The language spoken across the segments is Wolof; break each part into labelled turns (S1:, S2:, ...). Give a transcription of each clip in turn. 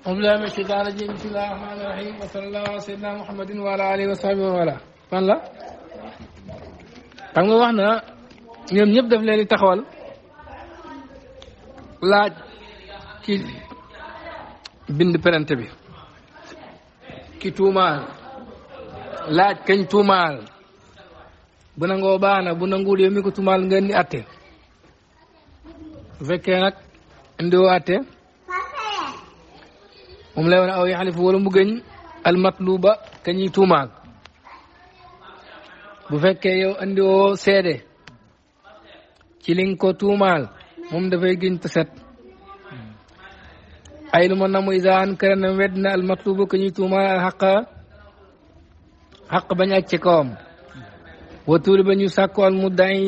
S1: أعوذ بالله من الشيطان الرجيم بسم الله الرحمن الرحيم وصلى الله على سيدنا محمد wax na ñoom ñëpp leen di taxawal laaj ci bind perante bi ki tuumaal laaj kañ tuumaal bu nangoo baax bu nanguwul yow mi ko tuumaal ngeen di atte bu fekkee nag indiwoo moom lay war a aw yaxalifu wala mu gëñ almatluba ka tuumaal bu fekkee yow andi woo seede ci li nga tuumaal moom dafay gëñ te set ay lu ma namu isaan kër na wedd na almatluba ka ñuy tuumaal alxaqa xaq bañ ak kawam watuuli ba ñu sàkku al muddaay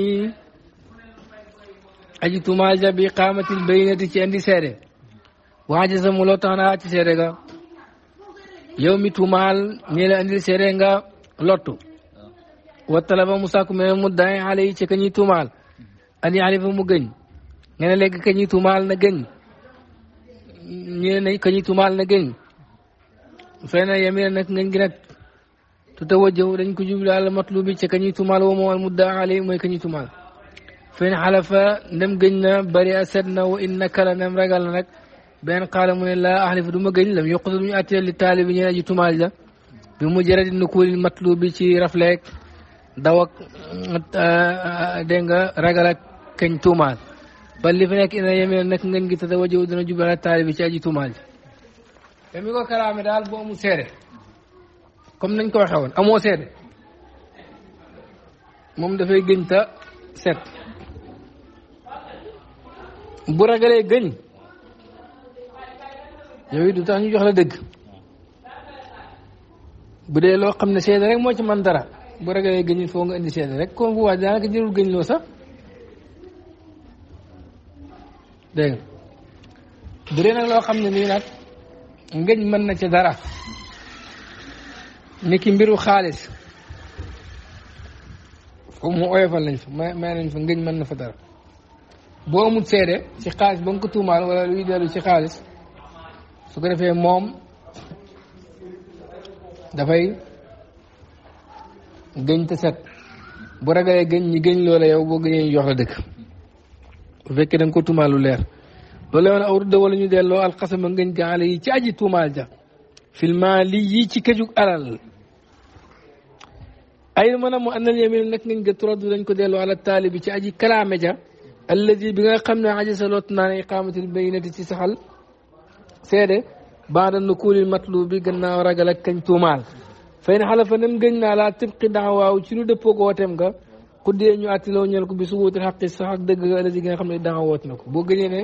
S1: aji tuumaal ja bi qaamatil baynati ci andi seede waaji sa muloo tax ci seede ga yow mi tumal ñii la indil seede nga lottu wa talaba musa sàkku me mu daay xale ci kany tumal tuumaal ali fu mu gëñ nga ne léegi ka ñuy tuumaal na gëñ ñi ne kany tumal na gëñ fay na nak nag ngëñ gi nag tu ta wajjaw dañ ko jublu àlla matlu ci kany tumal wo mo al mudda ali moy kany tumal ka halafa tuumaal fayn ndem gëñ na bari a na wa innaka lanam ragal nak beneen xaala mu ne laa axlifu du ma gëñ lam yoqu duñu attee li taali bi ñeen aji tumaaj la bi mu jëre di nukuulil matlu bi ci rafleeg daw ak dégg nga ragal ak kañ tuumaal ba li fi nekk ina yemee nag ngeen gi tata wajow dina jubala taali bi ci aji tuumaal ji te mi ko kalaame daal bu amul seede comme nañ ko waxee woon amoo seede moom dafay gëñ ta set bu ragalee gëñ yooyu du tax ñu jox la dëgg bu dee loo xam ne seede rek moo ci man dara bu ragalee gëñ foo nga indi seede rek kon bu waaj daanaka jërul gëñ loo sax dégg nga bu dee nag loo xam ne nii nag ngëñ mën na ci dara ni ki mbiru xaalis foofu mu oyofal lañ fa may may nañ fa ngëñ mën na fa dara boo amul seede ci xaalis ba nga ko tuumaal wala luy dellu ci xaalis su ko defee moom dafay gëñ te set bu ragalee gëñ ñi gëñ loola yow boo gëñee ñu jox la dëkk bu fekkee da nga ko tuumaal lu leer loolu yoon aw rudda wala ñu delloo alxasama ngëñ ga ala yi ci aji tuumaal ja filma li yi ci këjug alal ay maanaam mu àndal yemin nag ngëñ ga turaddu dañ ko delloo ala taali bi ci aji kalaame ja alladi bi nga xam ne aji sa lot naa ne iqaamatil baynati ci saxal seede baada nukuulil matlubi gannaaw ragal ak kañ tuumaal fay na xalafa nem gëñ naa laa tibqi daawaaw ci lu dëppoo ko wooteem nga xuddee ñu attiloo ñel ko bi su xam ne daaw woot na ko boo gëñee ne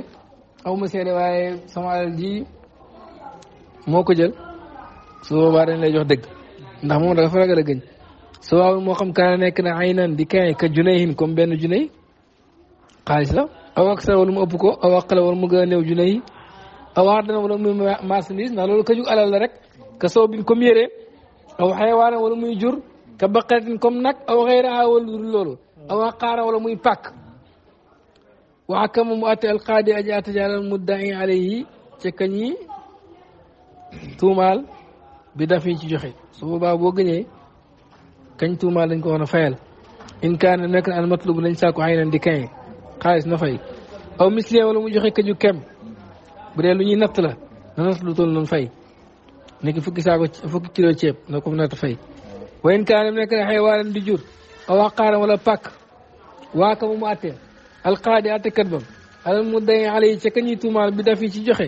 S1: aw ma seede waaye sama alal ji moo ko jël su boobaa dañ lay jox dëgg ndax moom dafa ragal a gëñ su waaw moo xam kaana nekk na ay naan di kaay ka junayhin comme benn junay xaalis aw ak sa wala ëpp ko aw aqala wala mu gën a junay aw ardan wala muy marchandise ndax loolu ka jug alal la rek ka soobin comme yére aw xayawaanan wala muy jur ka baqaratin comme nag aw xayraha wala dul loolu aw aqaaran wala muy pàkk wa akama mu atte alqaadi aji atte jalal mudda'i alayhi ca kañi tuumaal bi daf yi ci joxe su boobaa boo gëñee kañ tuumaal dañ ko war a fayal in kaana nekk na al matlub lañ sàkku aynan di kañ xaalis na fay aw misli wala mu joxe ka ju kem bu dee lu ñuy natt la na natt lu toll noonu fay nekk fukki saako fukki kilo ceeb na ko natt fay wayen kaanam nekk na xaywaanan di jur aw xaqaaram wala pàkk waa ka mu àttee alqaadi àttekat bam alal mu day xale ca ka ñuy tuumaal bi daf yi ci joxe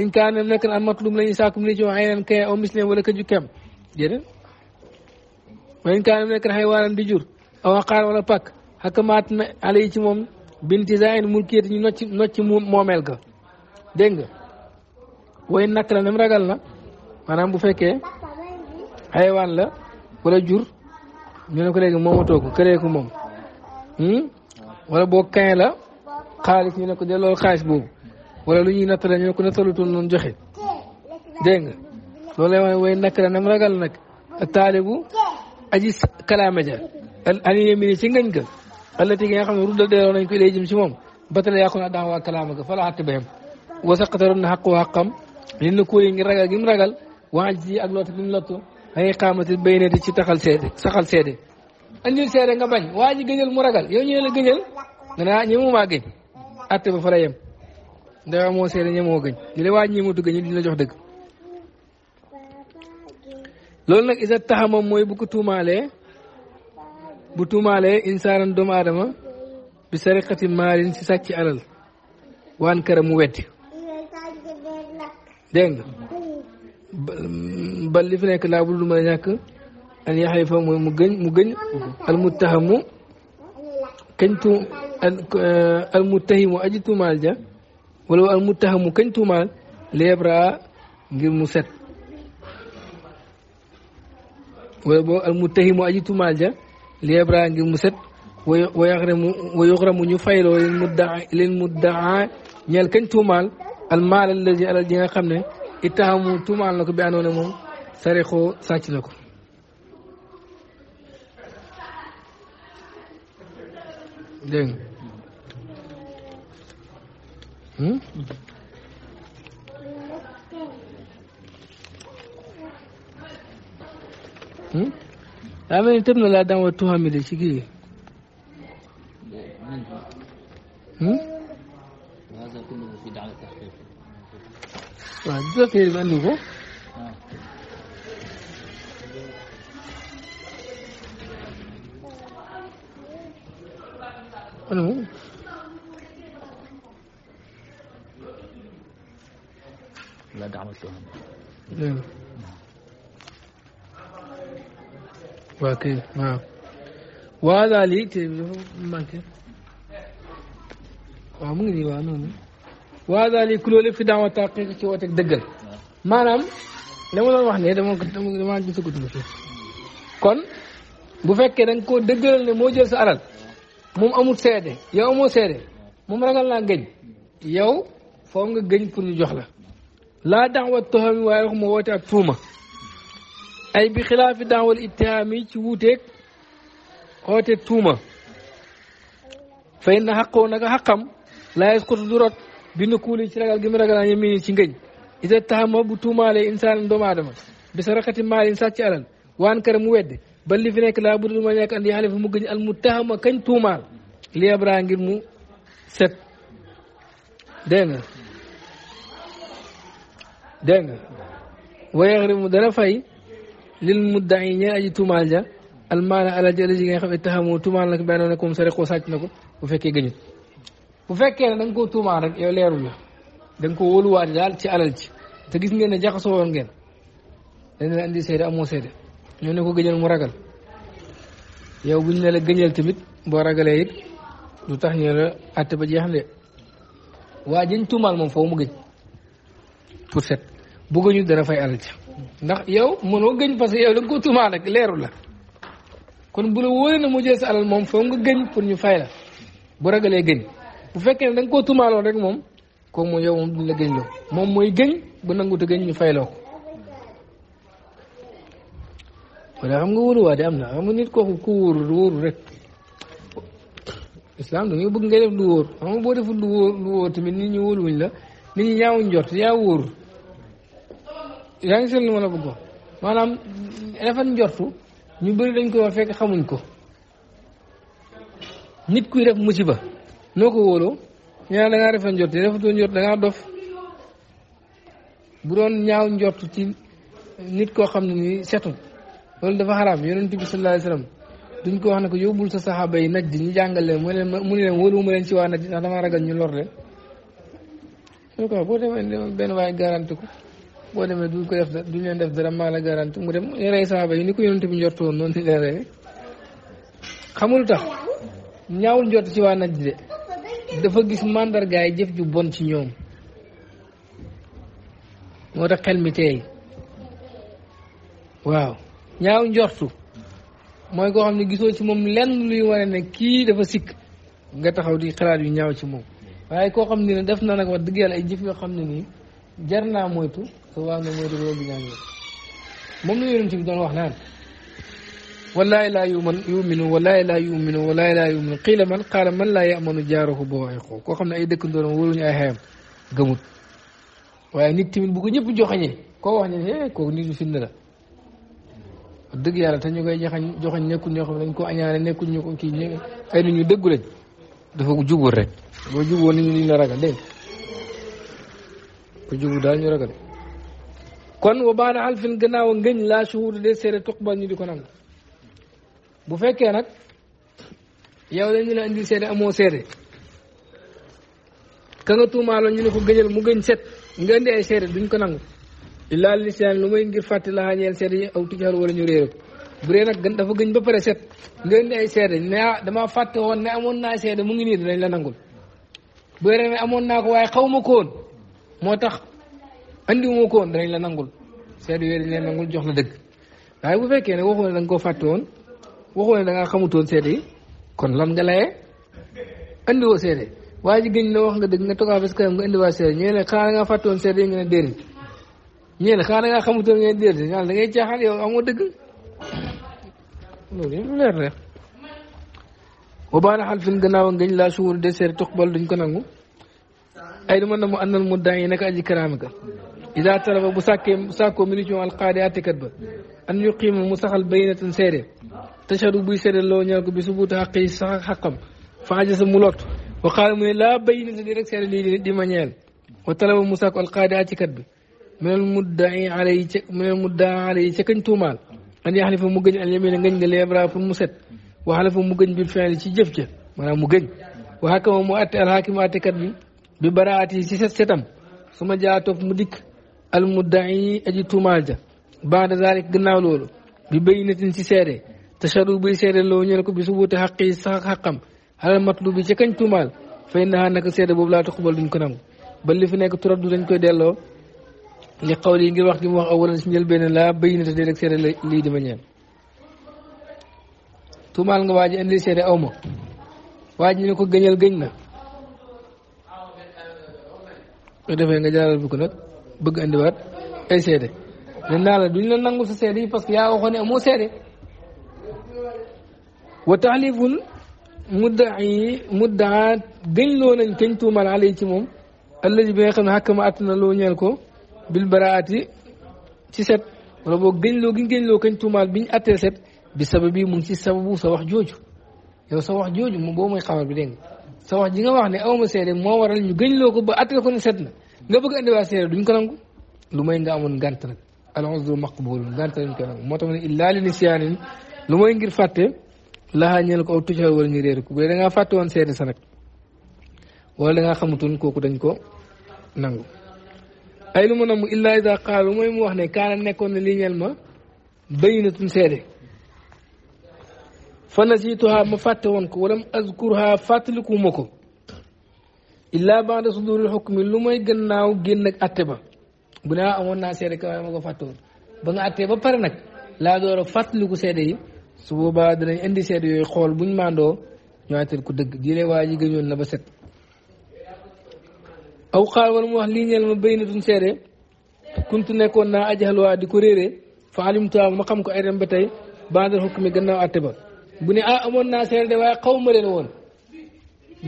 S1: in kaanam nekk na al matlum la ñuy sàkkum ni ci wax aynan kay aw misleen wala ka ju kem déedéet wayen kaanam nekk na xaywaanan di jur aw xaqaaram wala pàkk xakamaat na xale yi ci moom binti zain mulkiyati ñu nocc nocc moomeel ga dégg nga woy nakk la nem ragal na maanaam bu fekkee xayawaan la wala jur ñu ne ko léegi moomatoo ko këreeku moom hmm? wala boo kañ la xaalis ñu ne ko delloo xaalis boobu wala lu ñuy nattale ñu ne ko nattalutul noonu joxe dégg nga loolu lay wax ne woy nakk la nem ragal nag taalibu aji kalaame ja ani yemini ci ngañ ga allati gi xam ne ruddal delloo nañ ko ilay jëm ci moom batale yàqu na daan waa kalaama ga fa la ba yem wasaqata doon na xaqu xaqam li na kóor yi ngi ragal gi mu ragal waa ji ak lottu gi mu lottu ay xaamati baynati ci taxal seede a seede andil seede nga bañ waa ji gëjal mu ragal yow ñëwee la gëjal nga ne ah ñememaa gëñ atte ba fa yem ndax amoo seede ñemoo gëñ li la waa ji gëñ di la jox dëgg. loolu nag isa taxamam mooy bu ko tuumaalee bu tuumaalee insaanan doomu aadama bi sariqati maalin si sàcc alal waan këram mu weddi. dégg nga ba li fi nekk laa bu dul mën ñàkk an yaxay fa mu gëñ mu gëñ almuttahamu kañ tu eh, almuttahimu aji tuumaal ja wala almuttahamu kañ tuumaal leebraa ngir mu set wala boo almuttahimu aji tuumaal ja leebraa ngir mu set wa wa yaxramu ñu fayloo leen leen muddaa ñeel kañ tuumaal almaal allazi alal ji nga xam ne ittahamu tuumaal na ko bi andoona moom sarixoo sàcc na ko dégg hmm? Hmm? daa mel ni tëb na laa daan wa tuhamide ci kii waaw Jokalante bi andi ko. anu la daxamatuam dégg nga waaw kay waaw waaw daal lii te dafa manqué waaw mu ngi nii waaw noonu وهذا اللي كله لف دعوة تحقيقك وتكدقل ما نعم لما لا واحد هذا ممكن تقول ما عندي تقول تقول كن بفك كده نكو دقل اللي موجز سأل مم أمور سيدة يا أمور سيدة مم رجل لا جن يو فهم جن كل جهلة لا دعوة تهم وياهم موتة ثومة أي بخلاف دعوة الاتهامي تقولك هو تثومة فإن حقه نجا لا يسقط ذرات bindu kuuli ci ragal gi mu ragal ñoom ñu ci ngëj ida taxama bu tuumaalee insaan doomu aadama bi sa raxati maalin sàcc alal waan kër mu wedd ba li fi nekk laa bu dul ma nekk andi xale fu mu gëj mu taxama kañ tuumaal li ngir mu set dégg nga dégg nga mu dana fay lil muddayi ñeen aji tuumaal ja almaana alal ji alal ji nga xam ne taxamoo tuumaal na ko benn na ko moom sa rek koo sàcc na o bu fekkee gëñut bu fekkee ne da nga koo tuumaan rek yow leerul la da nga ko wóoluwaat daal ci alal ci te gis ngeen ne jaxasoo woon ngeen dañ la indi seede ñoo ne ko gëñal mu ragal yow buñ ne la gëñal tamit boo ragalee lu tax ñu la ba jeex waa jën tuumaal moom foofu mu gëj pour set bu gëñu dana fay alal ci ndax yow mënoo gëñ parce que yow da koo tuumaal rek leeru la kon bu la wóoree na mu jël sa alal moom foo nga gëñ pour ñu fay la bu ragalee gëñ bu fekkee ne koo tumaaloon rek moom kooku mooy yow moom duñ la gëñ loo moom mooy gëñ bu nanguute gëñ ñu fayloo ko wala xam nga wóoruwaa de am na xam nga nit kooku ku wóorul wóorul rek islam da ngay bëgg ngay def lu wóor xam boo deful lu wóor lu wóor tamit nit ñi wóoruwuñ la nit ñi ñaawuñ jot yaa wóor yaa ngi seen li ma la bëgg maanaam rafet njortu ñu bëri dañ koy wax fekk xamuñ ko nit kuy def musiba noo ko wóoloo ñu naan rafet njort yi rafetoo njort dof bu doon ñaaw njort ci nit koo xam ne nii setul loolu dafa xaraam yonent bi sallallahu alayhi duñ ko wax ne ko yóbbul sa saxaaba yi naj di ñu jàngal leen mu ne leen mu ne leen wóoluwuma leen ci waa naj ndax damaa ñu lor ko boo demee benn waaye garanti ko boo demee duñ ko def duñ leen def dara maa la garanti mu dem rey saxaaba yi ni ko yonent bi njortoon noonu lañ leen xamul tax ñaawul njort ci waa naj de. dafa gis màndargaay jëf ju bon ci ñoom moo tax xel mi teey waaw ñaaw njortu mooy koo xam ne gisoo ci moom lenn luy wane ne kii dafa sikk nga taxaw di xalaat yu ñaaw ci moom waaye koo xam ne ne def na nag wax dëgg yàlla ay jëf yoo xam ne nii jar naa moytu te waaw na moytu loolu bi ñaaw moom la yonent bi doon wax naan wallaay laa yuman yuminu wallaay laa yuminu wallaay laa yuminu xiila man xaala man laa yamanu jaarahu boo ay xoo koo xam ne ay dëkkandooram wóoruñu ay xayam gëmut waaye nit tamit bu ko ñëpp joxañee wax nit ñu dëgg yàlla te ñu koy joxañ joxañ nekkul ñoo dañ ko añaane nekkul ñu ko kii ñë ay nit ñu dëggu lañ dafa jubul rek boo juboo nit ñi la ragal dégg ko jubul daal ñu ragal kon wa baada alfin gannaaw laa shuhuuda de seere tuqbal ñu di ko nangu bu fekkee nag yow dañu la indi seede amoo seede ka nga tuumaaloon ñu ne ko gëjal mu gëñ set nga indi ay seede duñ ko nangu illaa lisaan lu may ngir fàtte laa ñeel seede yi aw tijaar wala ñu réer ko bu dee nag gën dafa gëñ ba pare set nga indi ay seede ne ah damaa fàtte woon ne amoon naa seede mu ngi nii dinañ la nangul bu dee ne amoon naa ko waaye xaw ma ko moo tax andiwuma ko woon danañ la nangul seede yooyu dañ leen nangul jox la dëgg waaye bu fekkee n waxu ne da fàtte woon waxoo ne da ngaa xamutoon seede yi kon lan nga layee andiwoo seede waa ji gëñ la wax nga dëgg nga toog affaire kanam nga indiwaat seede ñee ne xanaa da ngaa fàttoon seede yi nga ne déedéet ñee ne xanaa da nga yow amoo dëgg loolu yëpp lu leer la wa baana xalfin laa suur de seede tuqbal duñ ko nangu ay du ma ne mu àndal mu daañu naka aji karaamika إذا طلب مساك مساك من جمع القاريات كتب أن يقيم مساك البينة سيرة تشهد بي سيرة الله نعك بسبوت حقي حقم فعجز ملوت وقال من لا بينة ديرك سيرة دي مانيال وطلب مساك القاريات كتب من المدعي عليه من المدعي عليه تكن تومال أن يحلف مجن أن يمين غن ليبرا في المسد وحلف مجن بالفعل تجفج مرا مجن وهكذا مؤتى الحاكم أتكتب ببراءة سيستم ثم جاءت في مدك almudda'i aji tuumaal ja baada zalik gannaaw loolu bi baynatin ci seede tashadu buy seede loo ñu ne ko bi su wuute xaq yi sax xaqam alal matlubi ci kañ tuumaal fay naa naka seede boobu laa tuqbal duñ ko nangu ba li fi nekk turaddu dañ koy delloo li xawli yi ngir wax gi wax awalan si njëlbeen laa baynata déedéet seede lii di ma ñeel tuumaal nga waa ji indi seede aw ma waa ji ne ko gëñal gëñ na. bu defee nga jaaral bi ko nag. bëgg indiwaat ay seede ne naa la duñ la nangu sa seede yi parce que yaa waxoon ne amoo seede wa taalifun muddayi muddaa gëñ loo nañ kañ tuumal alay ci moom allaji bi nga xam ne xàkk ma àtt na loo ñeel ko bil baraati ci set wala boo gëñ loo giñ gëñ loo kañ tuumaal biñ attee set bi sabab mu ngi ci sababu sa wax jooju yow wax jooju moom boobu mooy xabar bi dégg nga wax ne awma seede moo waral ñu gëñ ko ba attee ko ne set na nga bëgg indi waa seere duñ ko nangu lu may nga amoon ngant nag al uzru maqbulun ngant lañ ko moo tax ma ne illaa li nisyaanin lu may ngir fàtte laxaa ñeel ko aw tujaal wala ñu réer ko bu da ngaa fàtte woon seere sa nag wala da ngaa kooku dañ ko nangu ay lu ma namm illaa ida qaal lu mooy mu wax ne kaa nekkoon ne lii ñeel ma bayyinatun seede fa nasituha ma fàtte woon ko walam azkurha fàttaliku fàttalikuwuma ko illaa baada suduril xukmi lu may gannaaw génn ak atte ba bu ne ah, amoon naa seede ka waaye ma ko fàtte woon ba nga attee ba pare nag laa door a fàttaliku seede yi su boobaa dinañ indi seede yooyu xool buñ mandoo ñu atteel ku dëgg jilee waa ji gëñoon na ba set aw mu wax lii ñeel ma baynatun seede kuntu di ko réeree fa alimtuwaa ma xam ko ay dem ba tey baadal bu ne ah amoon naa seede waaye xaw ma leen woon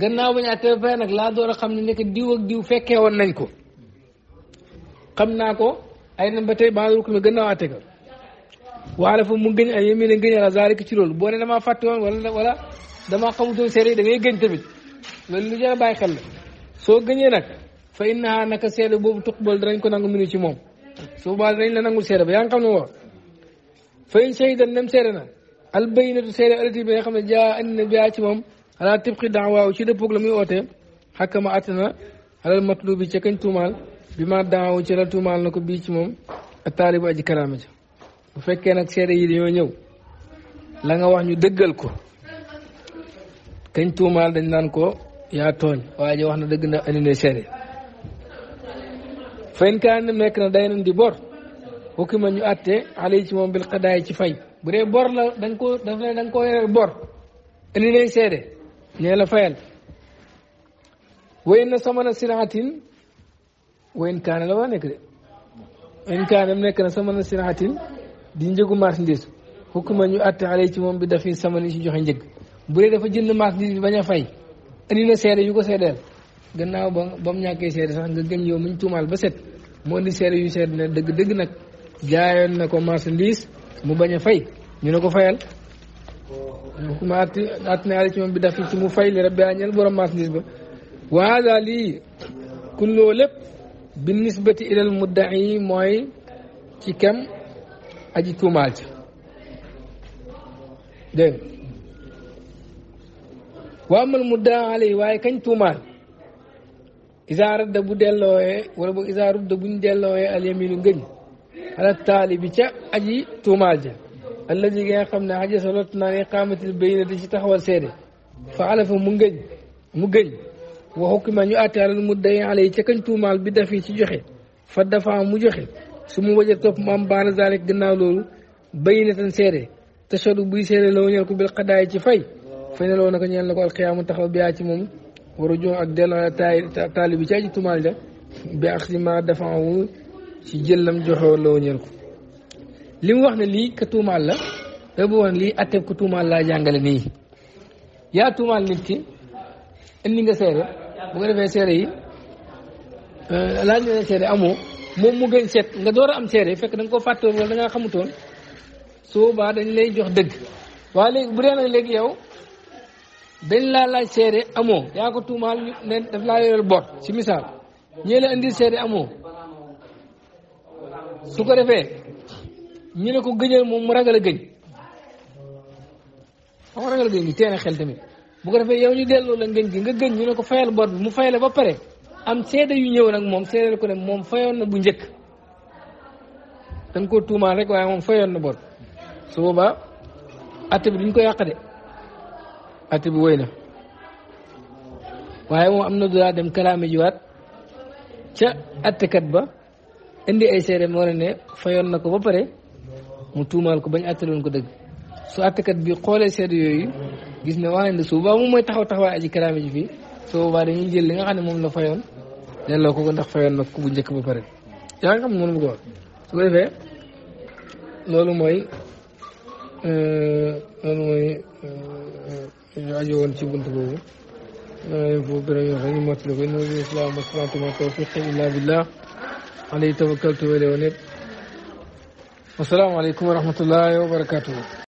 S1: gannaaw bañ àttee ba pare nag laa door xam ne nekk diw ak diw fekkee woon nañ ko xam naa ko ay na ba tey na rukk mi gannaaw àtte ga waaye mu gën ay yéen a gëñ a zaalik ci loolu boo ne damaa fàtte woon wala wala damaa xamutoon seede yi da ngay gëñ tamit lu jar a bàyyi xel la soo gëñee nag fa innahaa naka seede boobu tuqbal danañ ko nangu minu ci moom su boobaa danañ la nangul seede ba yaa ngi xam ne woo fa in shahidan nem seede na al bayyinatu seede alati bi nga xam ne jaa andi ci moom ala tibqi daawaaw ci dëppoog la muy oote xakkama àttina alal matlubi ca kañ tuumaal bi ma daaw ci la tuumaal na ko bii moom ak taalibu aji karaama ja bu fekkee nag seede yi dañoo ñëw la nga wax ñu dëggal ko kañ tuumaal dañ naan ko yaa tooñ waaye ji wax na dëgg na andi na seede fayn kaan ne nekk na day nañ di bor xukkuma ñu àtte xale ci moom bil xadaay ci fay bu dee bor la dañ ko daf ne da nga koo yoreel bor indi nañ nee la fayal wayn na samana siraatin wayn kaane la waa nekk de wayn kaane nekk na samana siraatin di njëgu marchandise xukkuma ñu àtte xale ci moom bi dafi samani ci joxe njëg bu dafa jënd marchandise bi bañ a fay indi na seede yu ko seedeel gannaaw ba ba mu ñàkkee seede sax nga gëm mu muñ tuumaal ba set moo indi seede yu seede ne dëgg dëgg nag jaayoon na ko marchandise mu bañ a fay ñu ne ko fayal xumaat at naa ci moom bi daf ci mu fay li rabbi a ñeel borom maas nisba wa hada lii kulloo lépp bi nisbati ilal mudda'i mooy ci kem aji tuumaal ci dégg wa amal mudda'a waaye kañ tuumaal isa radda bu dellooyee wala boog isa rudda buñ dellooyee al yaminu ngëñ ala taali bi ca aji tuumaal ja الذي جاء قمنا حاجة صلاتنا إقامة البينة التي تحوى سيره فعلا فمجد مجد وحكم أن يؤتي على المدعي عليه تكن توما البدا في سجخه فدفع مجخه ثم وجد طب مام بان ذلك دنا لول بينة سيره تشهد بي سيره لو يلقو بالقضاء تفاي فإن لو نكن يلقو القيام تخل بيات مم ورجوع أقدال على طالب تاجي توما لجا بأخذ ما دفعه سجل لم جحو لو يلقو li mu wax ne lii ka tuumaal la da bu woon lii atteeb ku tuumaal laa jàngale nii yaa tuumaal nit ki indi nga seere bu nga defee seere yi euh, laaj nga amoo moom mu gën nga door a am seere fekk da nga koo fàttoon wala da ngaa dañ lay jox dëgg waaye bu dee nag léegi yow dañ laa laaj seere amoo yaa ko tuumaal ne daf laa yoreel bor si misaal ñee la indi seere amoo su ko defee ñu ne ko gëñal moom mu ragal a gëñ xam ragal a gëñ gi teena xel tamit bu ko defee yow ñu delloo la ngëñ gi nga gëñ ñu ne ko fayal bor bi mu fayale ba pare am seede yu ñëw nag moom seedeel ko ne moom fayoon na bu njëkk danga koo tuumaan rek waaye moom fayoon na bor su boobaa atte bi duñ ko yàq de atte bi woy na waaye moom am na doolaa dem kalaame jiwaat ca attekat ba indi ay seede moo ne ne fayoon na ko ba pare mu tuumaal ko bañ àttaloon ko dëgg su àttekat bi xoolee seede yooyu gis ne waa ne su boobaa moom mooy taxaw taxawaay i karaama ji fii su boobaa dañuy jël li nga xam ne moom la fayoon delloo ko ko ndax fayoon nag ku bu njëkk ba pare yaa ko wax su ko defee loolu mooy euh, loolu mooy euh, ñu ajo woon ci bunt boobu foofu euh, ñu mottali ko inna salaam wa salaam tawfiq illa billah alayhi tawakkaltu wa wasalaamaaleykum wa rahmatullahi wa barakatuhu